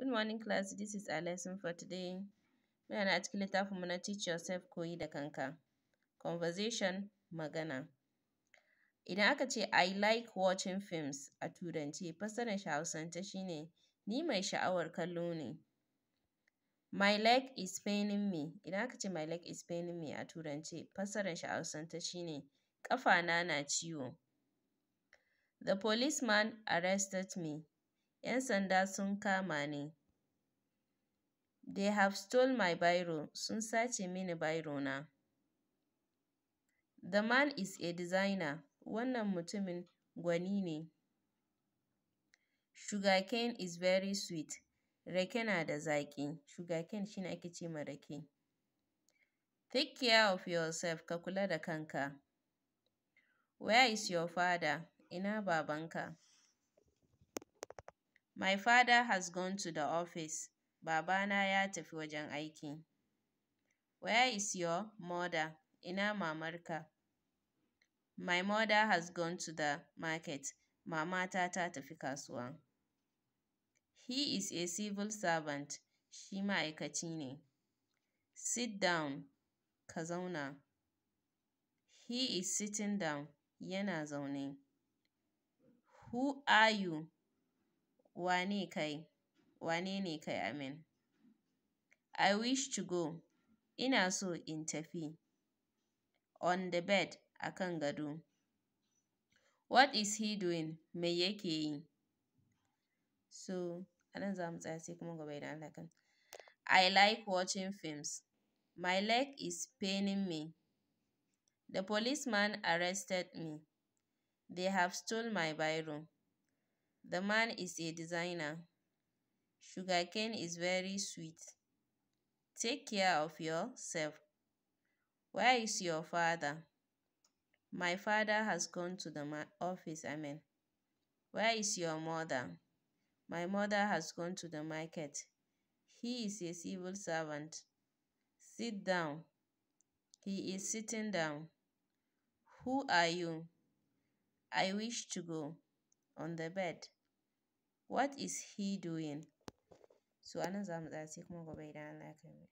Good morning class, this is our lesson for today. Muna na cikin littafinmu na Teach Yourself Koyi da Kanka. Conversation Magana. Idan aka ce I like watching films a Turance, fassarar shi Hausance shi ne ni mai sha'awar kallo ne. My leg is paining me. Idan aka ce my leg is paining me a Turance, fassarar shi Hausance shi ne na na ciwo. The policeman arrested me. ‘Yan sanda sun kama ni, they have stole my biro, sun sace mini biro na, the man is a designer, wannan mutumin gwani ne, sugarcane is very sweet, rake na da zaƙi, sugarcane shi ne ake ce ma rake, take care of yourself, ka kula da kanka, where is your father, ina babanka? My father has gone to the office. Babana ya tafi wajen aiki. Where is your mother? Ina mamarka? My mother has gone to the market. Mamata ta tafi kasuwa. He is a civil servant. Shi ma'aikaci ne. Sit down. Ka zauna. He is sitting down. Yana zaune. Who are you? Wane kai? Wane ne kai amin? I wish to go. Ina so in tafi. On the bed, akan gado. What is he doing? Me yake yi? So, a nan tsaya sai kuma gobe idan Allah I like watching films. My leg is paining me. The policeman arrested me. They have stole my biro. The man is a designer. Sugarcane is very sweet. Take care of yourself. Where is your father? My father has gone to the office, I mean. Where is your mother? My mother has gone to the market. He is a civil servant. Sit down. He is sitting down. Who are you? I wish to go on the bed. What is he doing? So anan za mu tsaya sai kuma gobe idan Allah ya kai